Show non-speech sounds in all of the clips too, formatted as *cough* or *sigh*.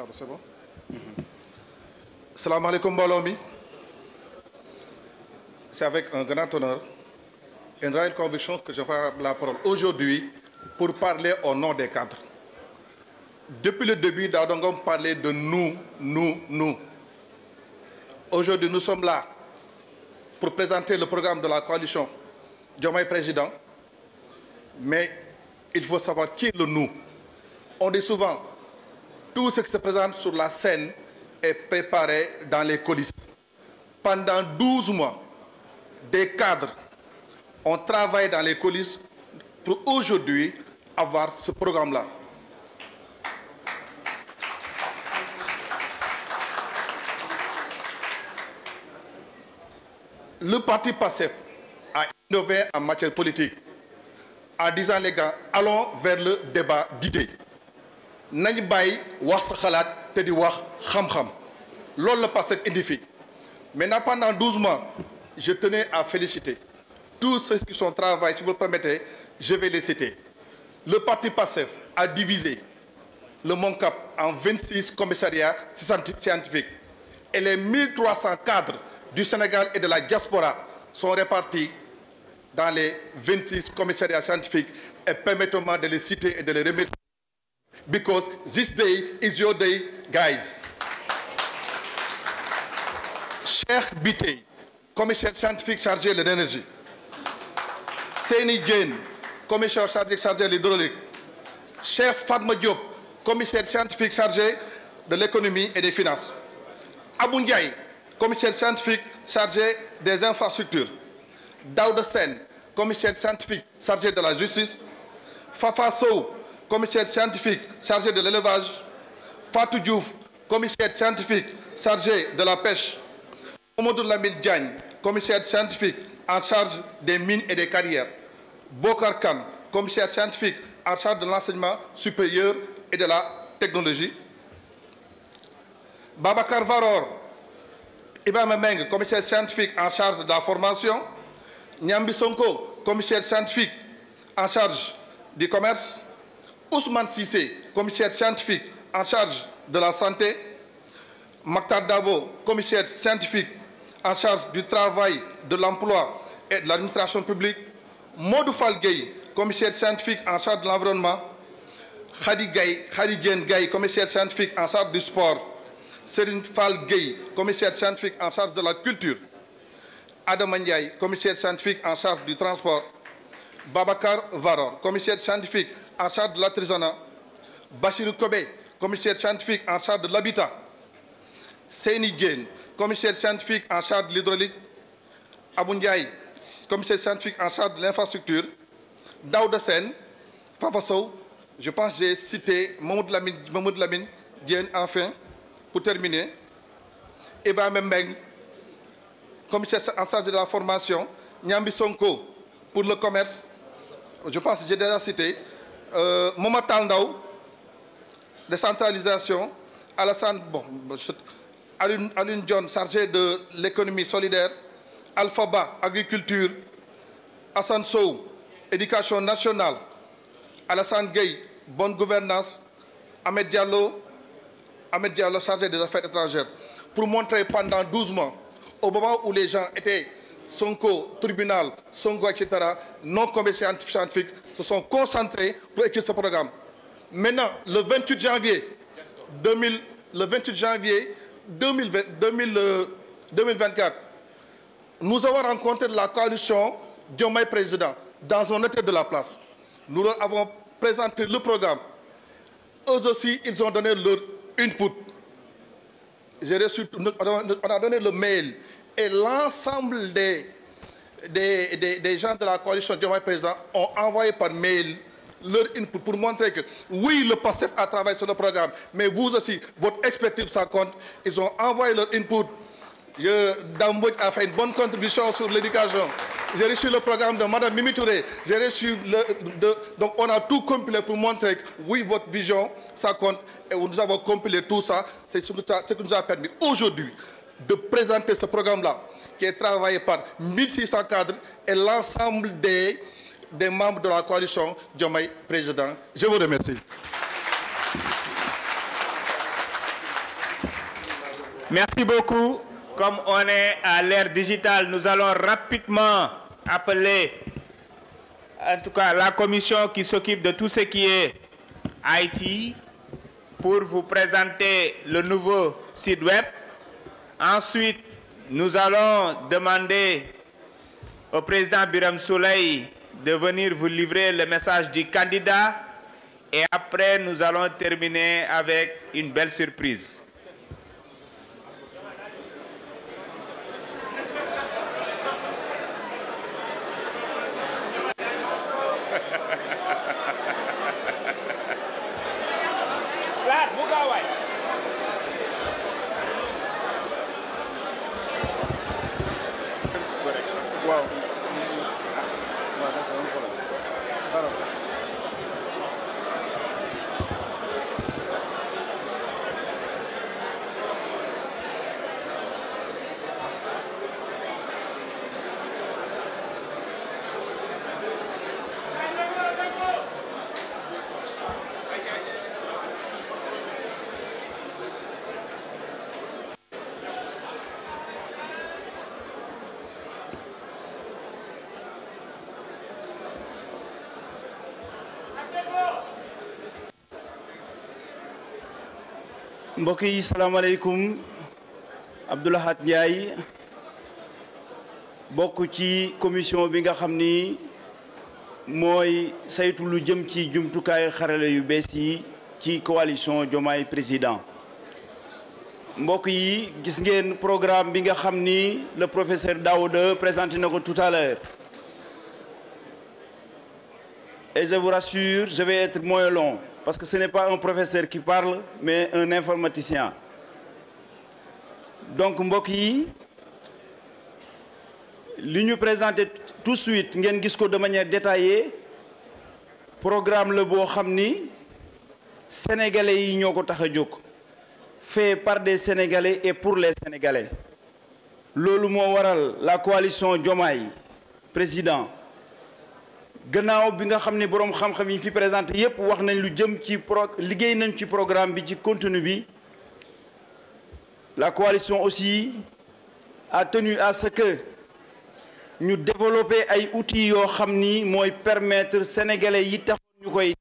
pardon c'est bon mm-hmm. salaamaaleykum mbooloo mi c'est avec un grand honneur et une réelle conviction que je prends la parole aujourd'hui pour parler au nom des cadres depuis le début Daouda Ngom parlait de nous nous nous aujourd'hui nous sommes là pour présenter le programme de la coalition Diomaye Président mais il faut savoir qui le nous on dit souvent tout ce qui se présente sur la scène est préparé dans les colistes Pendant 12 mois, des cadres ont travaillé dans les coulisses pour aujourd'hui avoir ce programme-là. Le parti PASSEF a innové en matière politique en disant les gars, allons vers le débat d'idées. nañ bàyyi wax sa xalaat te di wax xam loolu la Pastef indi fii maintenant pendant douze mois je tenais à féliciter tous ceux qui sont travaillés si vous le permettez je vais les le parti Pastef a divisé le MONCAP en vingt-six commissariats scientifiques et les mille trois cents cadres du Sénégal et de la diaspora sont répartis dans les vingt-six commissariats scientifiques et permettez-moi de les et de because this day is your day, guys. Cheikh Bitey, commissaire scientifique chargé de l'énergie. Seni Diène, commissaire scientifique chargé de l'hydraulique. Cheikh Fatma Diop, commissaire scientifique chargé de l'économie et des finances. Abou Ndiaye, commissaire scientifique chargé des infrastructures. Daouda Sen, commissaire scientifique chargé de la justice. Fafa Sow, commissaire scientifique chargé de l'élevage, Fatou Diouf, commissaire scientifique chargé de la pêche, Mamadou Lamine Diagne, commissaire scientifique en charge des mines et des carrières, Bokar Khan, commissaire scientifique en charge de l'enseignement supérieur et de la technologie, Babacar Varor, Ibrahim Meng, commissaire scientifique en charge de la formation, Nyambi Sonko, commissaire scientifique en charge du commerce, Ousmane Sissé, commissaire scientifique en charge de la santé, Maktar Dabo, commissaire scientifique en charge du travail, de l'emploi et de l'administration publique, Modou guey commissaire scientifique en charge de l'environnement, Khadi Gaye, Khadi Gaye, commissaire scientifique en charge du sport, Serine guey Gueye, commissaire scientifique en charge de la culture, Adam Ndiaye, commissaire scientifique en charge du transport, Babacar Varor, commissaire scientifique en charge de l'artisanat, Bachir Kobe, commissaire scientifique en charge de l'habitat, Seni Djane, commissaire scientifique en charge de l'hydraulique, Abou Ndiaye, commissaire scientifique en charge de l'infrastructure, Daouda Sen, Fafa je pense que j'ai cité Mahmoud Lamine, Mahmoud enfin, pour terminer, Eba Membeng, commissaire en charge de la formation, Nyambi Sonko, pour le commerce, je pense j'ai déjà cité, Euh, Momatal Ndaw décentralisation Alassane bon Alioune Alioune Dione chargé de l'économie solidaire Alpha agriculture Assane Sow éducation nationale Alassane Gueye bonne gouvernance Ahmed Diallo Ahmed Diallo chargé des affaires étrangères pour montrer pendant douze mois au moment où les gens étaient Sonko tribunal Sonko etc non commercial scientifique se sont concentrés pour écrire ce programme. Maintenant, le 28 janvier 2000, le 28 janvier 2020, 2000, 2024, nous avons rencontré la coalition Diomaye Président dans un hôtel de la place. Nous leur avons le programme. Eux aussi, ils ont donné leur input. J'ai reçu, on a donné le mail et l'ensemble des des, des, des gens de la coalition Diomaye Président ont envoyé par mail leur input pour montrer que oui, le PASSEF a travaillé sur le programme, mais vous aussi, votre expertise, ça compte. Ils ont envoyé leur input. Dambouj a fait une bonne contribution sur l'éducation. J'ai reçu le programme de Mme Mimi J'ai reçu le... De, donc on a tout compilé pour montrer que oui, votre vision, ça compte. Et nous avons compilé tout ça. C'est ce, ce qui nous a permis aujourd'hui de présenter ce programme-là qui est travaillé par 1600 cadres et la coalition Diomaye Président. Je vous remercie. Merci beaucoup. Comme on est à l'ère digitale, nous allons rapidement appeler en tout cas la commission qui s'occupe de tout ce qui est IT pour vous présenter le nouveau site web. Ensuite, Nous allons demander au président Biram Souley de venir vous livrer le message du candidat et après nous allons terminer avec une belle surprise. mbokk yi salaamaaleykum Abdou Lahad Ndiaye bokk ci commission bi nga xam ni mooy saytu lu jëm ci jumtukaayu xarale yu bees yi ci coalition Diomaye Président mbokk yi gis ngeen programme bi nga xam ni le professeur Daouda présenté na ko tout à l'heure et je vous rassure je vais être moins long parce que ce n'est pas un professeur qui parle mais un informaticien donc mbokk yi li ñu présenté tout suite ngeen gis ko de manière détaillée programme la boo xam ni sénégalais yi ñoo ko tax a jóg fait par des sénégalais et pour les sénégalais loolu moo waral la coalition Diomaye président gannaaw bi nga xam ne boroom xam-xam yi fi présenté yépp wax nañ lu jëm ci pro liggéey nañ ci programme bi ci contenu bi la coalition aussi à tenu à ce que ñu développer ay outils yoo xam ni mooy permettre sénégalais yi taxoon ñu koy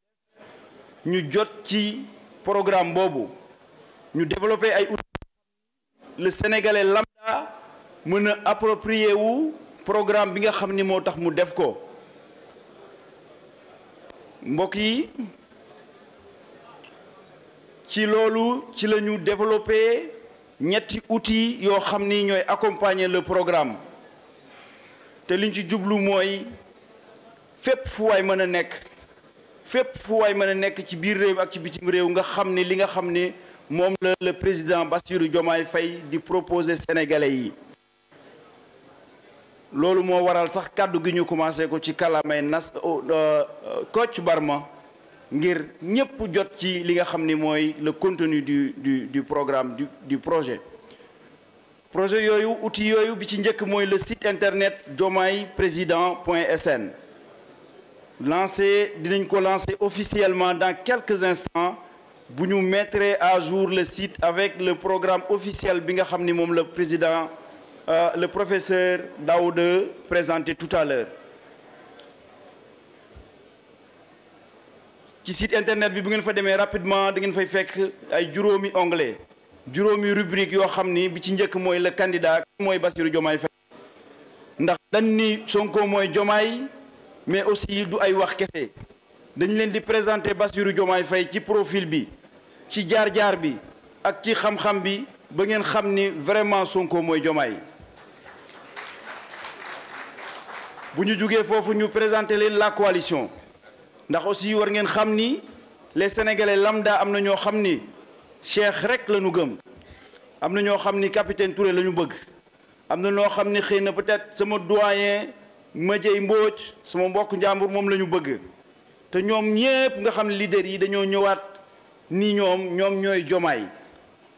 ñu jot ci programme boobu ñu développer ay outils le sénégalais lambda mën a approprier wu programme bi nga xam ni moo tax mu def ko mbokk yi ci loolu ci la ñu développé ñetti outils yoo xam ni ñooy accompagner la programme te liñ ci jublu mooy fépp fu waay mën a nekk fépp fu waay mën a nekk ci biir réew ak ci bitim réew nga xam ni li nga xam ni moom la le président Bassirou Diomaye Faye di proposer sénégalais yi loolu moo waral sax kàddu gi ñu commencé ko ci kàllaamay nas euh, euh, Kocc Barma ngir ñépp jot ci li nga xam ni mooy le contenu du du du programme du du projet projet yooyu outil yooyu bi ci njëkk mooy le site internet Diomaye Président point sn lancé dinañ ko lancer officiellement dans quelques instants bu ñu mettre à jour le site avec le programme officiel bi nga xam ni moom la président euh, le professeur Daoude présentait tout à l'heure ci site internet bi bu ngeen fa demee rapidement da ngeen fay fekk ay juróomi ongle juróomi rubrique yoo xam ni bi ci njëkk mooy le candidat mooy Bassirou Diomaye Faye ndax dañ ni Sonko mooy Diomaye mais aussi du ay wax kese dañ leen di présenter Bassirou Diomaye Faye ci profil bi ci jaar-jaar bi ak ci xam-xam bi ba ngeen xam ni vraiment Sonko mooy Diomaye bu ñu jugee foofu ñu présenter leen la coalition ndax aussi war ngeen xam ni les sénégalais lambda am na ñoo xam ni Cheikh rek la ñu gëm am na ñoo xam ni capitaine Touré la ñu bëgg am na ñoo xam ni xëy na peut-être sama doyen Madieye Mbodj sama mbokk njàmbur moom la ñu bëgg te ñoom ñépp nga xam leader yi dañoo ñëwaat ni ñoom ñoom ñooy jomaay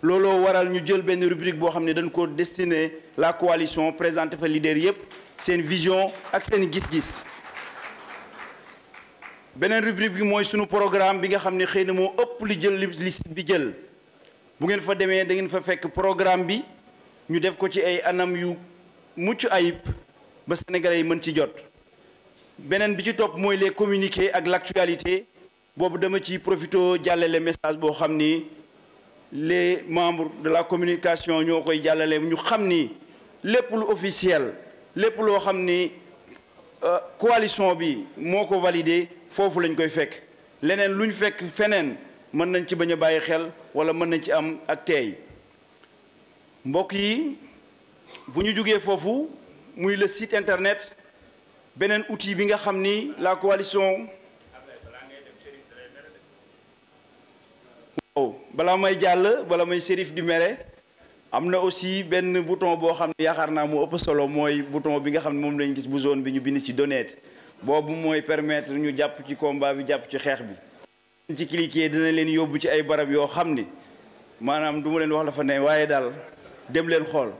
looloo waral ñu jël benn rubrique boo xam ne dañ ko destiné la coalition présenté fa leader yépp seen vision ak seen gis-gis beneen rubrique bi mooy sunu programme bi nga xam ne xëy na moo ëpp lu jël li bi jël bu ngeen fa demee da ngeen fa fekk programme bi ñu def ko ci ay anam yu mucc ayib ba sénégalais yi mën ci jot beneen bi ci topp mooy les communiqués ak l'actualité boobu dama ci profito jàllale message boo xam ni les membres de la communication ñoo koy jàllale ñu xam ni lépp lu officiel lépp loo xam ni euh, coalition bi moo ko valide foofu lañ koy fekk leneen lu ñu fekk feneen mën nañ ci bañ a bàyyi xel wala mën nañ ci am ak teey mbokk yi bu ñu jógee foofu muy le site internet beneen outil bi nga xam ni la coalition waaw balaa may jàll bala may Chérif mere am na aussi benn bouton boo xam ne yaakaar naa mu ëpp solo mooy bouton bi nga xam ne moom lañ gis bu zone bi ñu bind ci donate boobu mooy permettre ñu jàpp ci combat bi jàpp ci xeex bi ci cliquer dina leen yóbbu ci ay barab yoo xam ni maanaam du leen wax la fa ne waaye daal dem leen xool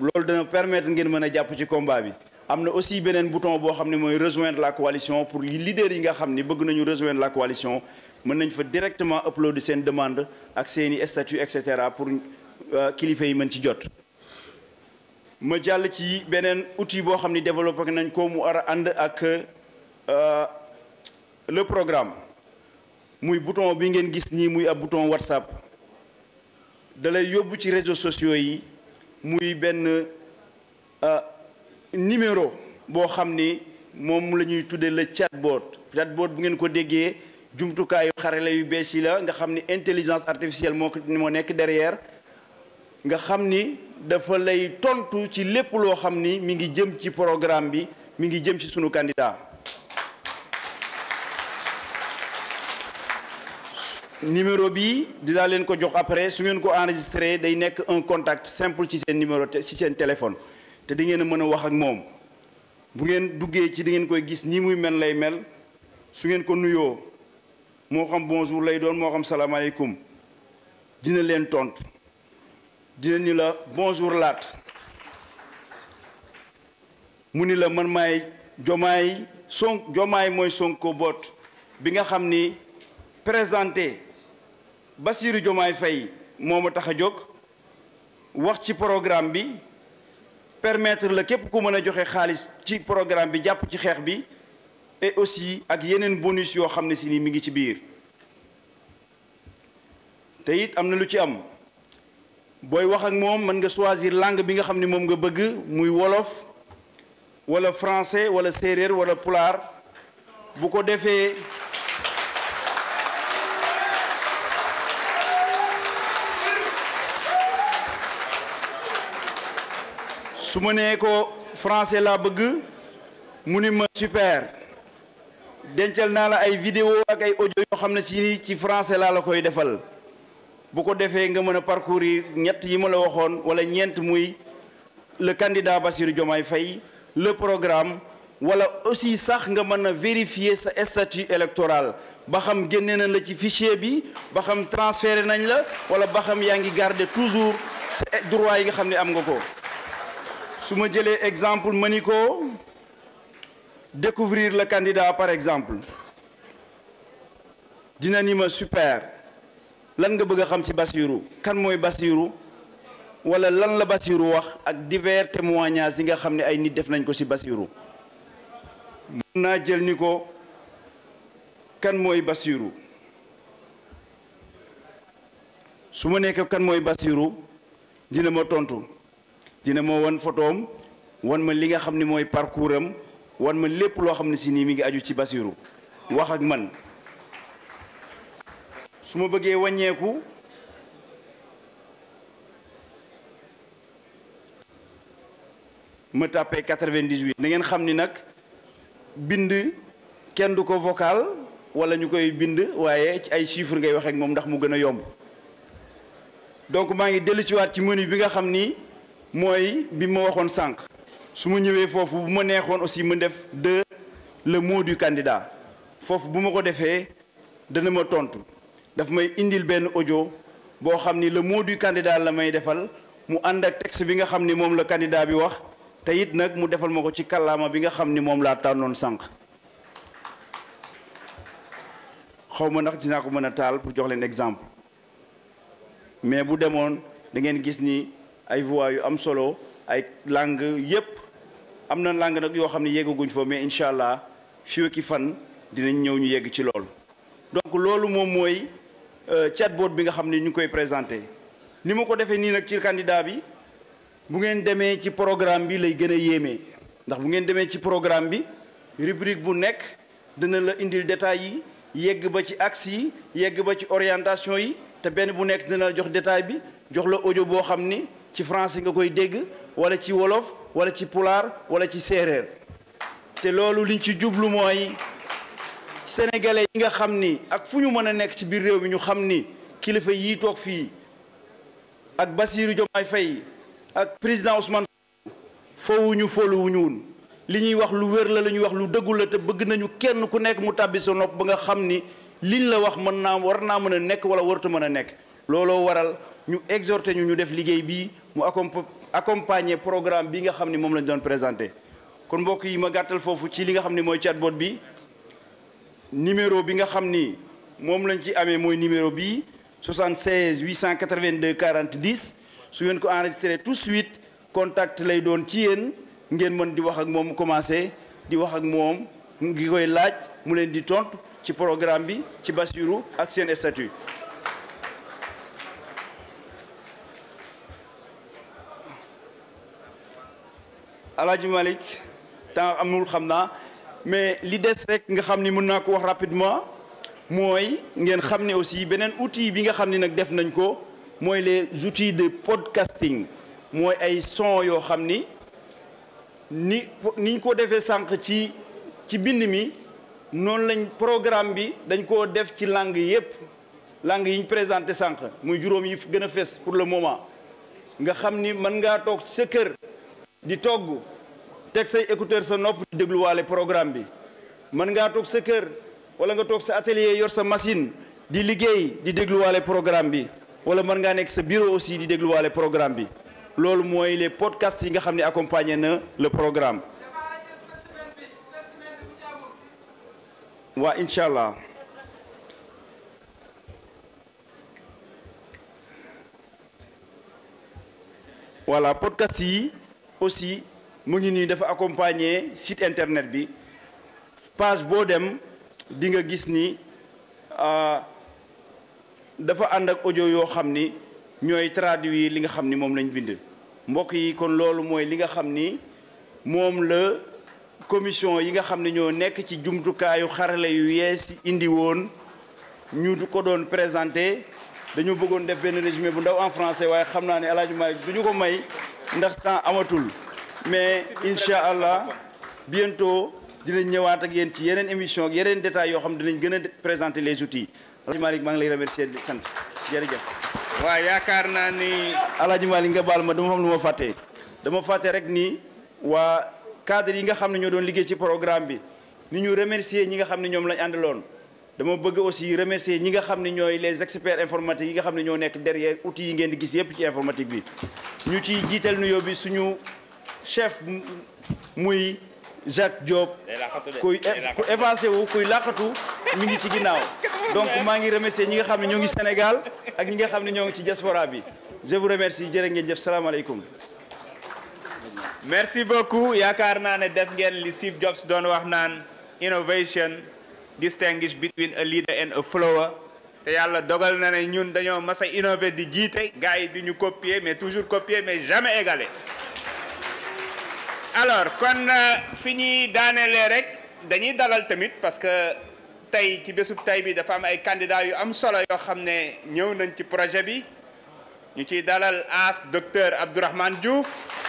loolu dana permettre ngeen mën a jàpp ci combat bi am na aussi beneen bouton boo xam ne mooy rejoindre la coalition pour leader yi nga xam ni bëgg nañu rejoindre la coalition mën nañ fa directement uploader seen demande ak seen i statut et cetera pour Euh, kilifa yi mën ci jot. ma jàll ci beneen outil boo xam ni développé nañ ko mu war ànd ak euh, le programme muy bouton bi ngeen gis nii muy ab bouton WhatsApp da lay yóbbu ci réseaux sociaux yi muy benn euh, numéro boo xam ni moom la ñuy tuddee le chatbot chatbot bu ngeen ko déggee jumtukaayu xarala yu bees yi la nga xam ni intelligence artificielle moo ko moo nekk derrière. nga xam ni dafa lay tontu ci lépp loo xam ni mi ngi jëm ci programme bi mi ngi jëm ci sunu candidat numéro bi dinaa leen ko jox après su ngeen ko enregistré day nekk un contact simple ci seen numéro ci seen téléphone te di ngeen a mën a wax ak moom bu ngeen duggee ci di koy gis nii muy mel lay mel su ngeen ko nuyoo moo xam bonjour lay doon moo xam salaamaaleykum dina leen tontu. dina ni la bonjour laat mu ni la man maay jomaay son jomaay mooy Sonko boot bi nga xam ni présenté Bassirou Jomaay Faye moo ma tax a jóg wax ci programme bi permettre la képp ku mën a joxe xaalis ci programme bi jàpp ci xeex bi et aussi ak yeneen bonus yoo xam ne si nii mi ngi ci biir te it am na lu ci am booy wax ak moom mën nga choisir langue bi nga xam ne moom nga bëgg muy wolof walla français wala séeréer wala pulaar bu ko defee su ma nee ko français laa bëgg mu ni ma super dencal naa la ay vidéo ak ay audio yoo xam ne si ci français laa la koy defal bu ko defee nga mën a parcourir ñett yi ma la waxoon wala ñeent muy le candidat Bassirou Diomaye Faye le programme wala aussi sax nga mën a vérifier sa statut électoral ba xam génne nañ la ci fichier bi ba xam transféré nañ la wala ba xam yaa ngi garde toujours sa droit yi nga xam ne am nga ko su ma jëlee exemple ma ni ko découvrir le candidat par exemple dina ni ma super lan nga bëgg a xam ci Bassirou kan mooy Bassirou wala lan la Bassirou wax ak divers témoignages yi nga xam ne ay nit def nañ ko ci Bassirou mun naa jël ni ko kan mooy Bassirou su ma nekk kan mooy Bassirou dina ma tontu dina ma wan photoom wan ma li nga xam ni mooy parcours am wan ma lépp loo xam ne si nii mi ngi aju ci Bassirou wax ak man su ma bëggee wàññeeku ma tàppee quatre-vingt-dix-huit na ngeen xam ni nag bind kenn du ko vocal wala ñu koy bind waaye ci ay chiffres ngay wax ak moom ndax mu gën a yomb donc maa ngi dellu ci waat ci menu bi nga xam ni mooy bi ma waxoon sànq su ma ñëwee foofu bu ma neexoon aussi ma def de le mot du candidat foofu bu ma ko defee dana ma tontu daf may indil benn ojo boo xam ni le moo du candidat la may defal mu ànd ak texte bi nga xam ni moom la candidat bi wax te it nag mu defal ma ko ci kàllaama bi nga xam ni moom laa tànnoon sànq. xaw ma ndax dinaa ko mën a taal pour jox leen exemple mais bu demoon da ngeen gis ni ay voix yu am solo ay langue yépp am na langue nag yoo xam ne yeggaguñ fa mais incha allah fii ki fan dinañ ñëw ñu yegg ci loolu. donc loolu moom mooy. Euh, chatbot bi nga xam ne ñu koy présenté ni ma ko defee nii nag ci candidat bi bu ngeen demee ci programme bi lay gën a yéeme ndax bu ngeen demee ci programme bi rubrique bu nekk dina la indil détails yi yegg ba ci axe yi yegg ba ci orientation yi te benn bu nekk dina la jox détail bi jox la ojo boo xam ni ci français nga koy dégg wala ci wolof wala ci pulaar wala ci séeréer te loolu liñ ci jublu mooy sénégalais yi nga xam ni ak fu ñu mën a nekk ci biir réew mi ñu xam ni kilifa yii toog fii ak Bassirou Diomaye Faye ak président Ousmane fowuñu fóoluwuñu wun li ñuy wax lu wér la la ñuy wax lu dëggul la te bëgg nañu kenn ku nekk mu tàbbi sa nopp ba nga xam ni liñ la wax mën naa war naa mën a nekk wala waratu mën a nekk looloo waral ñu exhorté ñu ñu def liggéey bii mu accompagner programme bi nga xam ni moom lañ doon présenté kon mbokk yi ma gàttal foofu ci li nga xam ni mooy chatbot bi numéro bi nga xam ni moom lañ ci amee mooy numéro bii 76 882 40 10 su ngeen ko enregistré tout de suite contact lay doon ci yéen ngeen mën di wax ak moom mu commencé di wax ak moom ngi koy laaj mu leen di tontu ci programme bi ci Bassirou ak seen statut. Alaaji Malick temps amul xam naa. mais li des rek nga xam ni mën naa ko wax rapidement mooy ngeen xam ne aussi beneen outil bi nga xam ni nag def nañ ko mooy les outils de podcasting mooy ay son yoo xam ni ni niñ ko defee sànq ci ci bind mi noonu lañ programme bi dañ koo def ci langue yépp langue yi ñu présenté sànq muy juróom yi gën a fees pour le moment nga xam ni mën ngaa toog ci sa kër di togg teg say écouteur sa nopp di dégluwaale programme bi mën ngaa toog sa kër wala nga toog sa atelier yor sa machine di liggéey di dégluwaale programme bi wala mën ngaa nekk sa bureau aussi di dégluwaale programme bi loolu mooy les podcasts yi nga xam ne accompagné na le programme waa incha allah voilà podcast yi aussi mu ngi nii dafa accompagner site internet bi page boo dem di nga gis ni ah, dafa ànd ak audio yoo xam ni ñooy traduire li nga xam ni moom lañ bind mbokk yi kon loolu mooy li nga xam ni moom la commission yi nga xam ne ñoo nekk ci jumtukaayu xarale yu yees indi woon ñu ko doon présenté dañoo bëggoon def benn résumé bu ndaw en français waaye xam naa ne El Hadj Malick du ñu ko may ndax temps amatul mais incha allah bientôt dinañ ñëwaat ak yéen ci yeneen émission yeneen détails yoo xam dinañ gën a présenter les outils. Alaaji Malick maa ngi lay remercier di yaakaar naa ni. Alaaji Malick nga baal ma dama xam lu ma fàtte. dama fàtte rek ni waa cadre yi nga xam ne ñoo doon liggéey ci programme bi ni ñu remercier ñi nga xam ne ñoom lañ àndaloon. dama bëgg aussi remercier ñi nga xam ne ñooy les experts informatiques yi nga xam ne ñoo nekk derrière outils yi ngeen di gis yëpp ci informatique bi ñu ciy jiital chef muy Jacques Diop kuy ku wu kuy làqatu mu ngi ci ginnaaw *laughs* donc maa ngi remercier ñi nga xam ne ñoo ngi Sénégal ak ñi nga xam ne ñoo ngi ci diaspora bi je vous remercie jërë ngeen jëf salaamaaleykum merci beaucoup yaakaar naa ne def ngeen li Steve Jobs doon wax naan innovation distinguish between a leader and a follower te yàlla dogal na ne ñun dañoo mas a di jiite gars yi di ñu copier mais toujours copier mais jamais égaler alors kon euh, fi ñuy daanelee rek dañuy dalal tamit parce que tey ci bésub tey bi dafa am ay candidats yu am solo yoo xam ne ñëw nañ ci projet bi ñu ciy dalal as docteur Abdourahmane Diouf